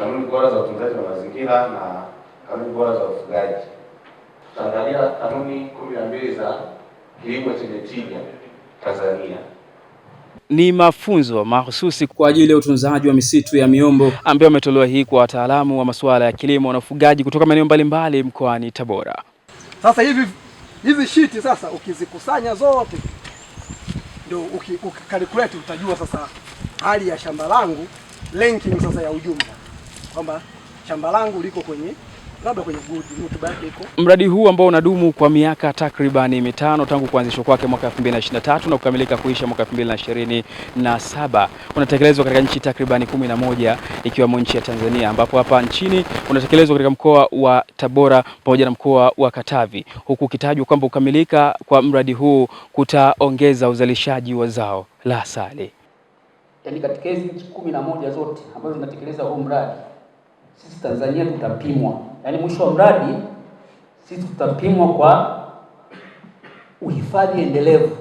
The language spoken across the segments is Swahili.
kanuni bora za utunzaji wa mazingira na kanuni bora za ufugaji. Tutaangalia kanuni kumi na mbili za kilimo chenye tija Tanzania. Ni mafunzo mahususi kwa ajili ya utunzaji wa misitu ya miombo ambayo ametolewa hii kwa wataalamu wa masuala ya kilimo na ufugaji kutoka maeneo mbalimbali mkoani Tabora. Sasa hivi hizi shiti sasa ukizikusanya zote ndio ukikalkulate utajua sasa hali ya shamba langu ranking sasa ya ujumla kwamba shamba langu liko kwenye labda kwenye rutuba yake iko. Mradi huu ambao unadumu kwa miaka takribani mitano tangu kuanzishwa kwake mwaka 2023 na kukamilika kuisha mwaka 2027 unatekelezwa katika nchi takribani 11 ikiwemo nchi ya Tanzania, ambapo hapa nchini unatekelezwa katika mkoa wa Tabora pamoja na mkoa wa Katavi, huku ukitajwa kwamba kukamilika kwa mradi huu kutaongeza uzalishaji wa zao la asali. Yaani katika hizi nchi 11 zote ambazo zinatekeleza huu mradi sisi Tanzania tutapimwa, yaani mwisho wa mradi sisi tutapimwa kwa uhifadhi endelevu,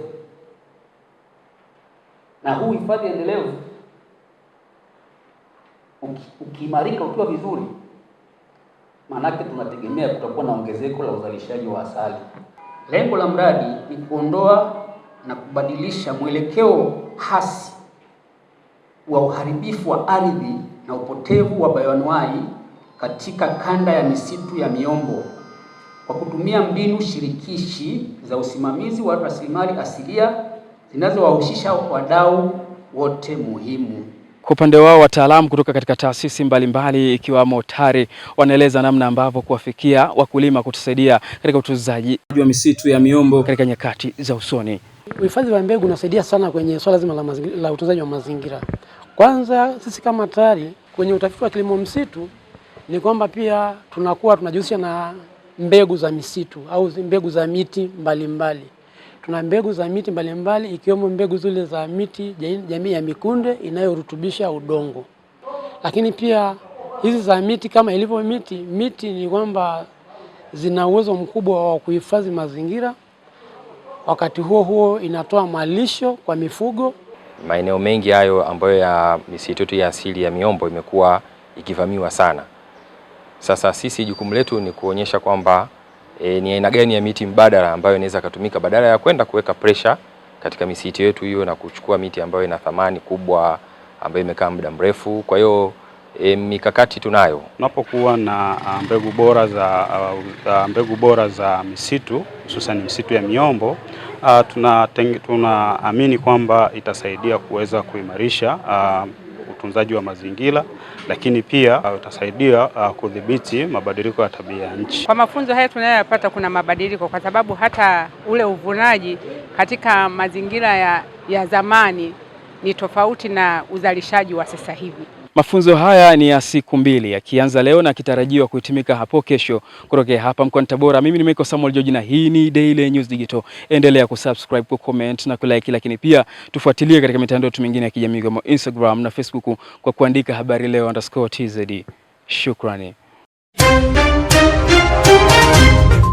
na huu uhifadhi endelevu ukiimarika, ukiwa vizuri, maanake tunategemea kutakuwa na ongezeko la uzalishaji wa asali. Lengo la mradi ni kuondoa na kubadilisha mwelekeo hasi wa uharibifu wa ardhi na upotevu wa bayoanuai katika kanda ya misitu ya miombo kwa kutumia mbinu shirikishi za usimamizi wa rasilimali asilia zinazowahusisha wadau wote muhimu. Kwa upande wao wataalamu kutoka katika taasisi mbalimbali ikiwamo TARI wanaeleza namna ambavyo kuwafikia wakulima kutusaidia katika utunzaji wa misitu ya miombo katika nyakati za usoni. Uhifadhi wa mbegu unasaidia sana kwenye swala zima la, la utunzaji wa mazingira. Kwanza sisi kama TARI kwenye utafiti wa kilimo msitu ni kwamba pia tunakuwa tunajihusisha na mbegu za misitu au mbegu za miti mbalimbali mbali. Tuna mbegu za miti mbalimbali mbali, ikiwemo mbegu zile za miti jamii ya mikunde inayorutubisha udongo, lakini pia hizi za miti kama ilivyo miti miti ni kwamba zina uwezo mkubwa wa kuhifadhi mazingira, wakati huo huo inatoa malisho kwa mifugo maeneo mengi hayo ambayo ya misitu yetu ya asili ya miombo imekuwa ikivamiwa sana. Sasa sisi jukumu letu ni kuonyesha kwamba e, ni aina gani ya miti mbadala ambayo inaweza kutumika badala ya kwenda kuweka pressure katika misitu yetu hiyo na kuchukua miti ambayo ina thamani kubwa ambayo imekaa muda mrefu. Kwa hiyo e, mikakati tunayo. Unapokuwa na ah, mbegu bora za, ah, za mbegu bora za misitu hususan misitu ya miombo uh, ah, tunaamini tuna kwamba itasaidia kuweza kuimarisha uh, utunzaji wa mazingira lakini pia utasaidia ah, uh, uh, kudhibiti mabadiliko ya tabia ya nchi. Kwa mafunzo haya tunayoyapata, kuna mabadiliko kwa sababu hata ule uvunaji katika mazingira ya, ya zamani ni tofauti na uzalishaji wa sasa hivi. Mafunzo haya ni ya siku mbili yakianza leo na kitarajiwa kuhitimika hapo kesho. Kutokea hapa mkoani Tabora, mimi nimeko Samuel George na hii ni Daily News Digital. Endelea kusubscribe, kucomment na kulike, lakini pia tufuatilie katika mitandao yetu mingine ya kijamii kama Instagram na Facebook kwa kuandika habari leo underscore tz. Shukrani.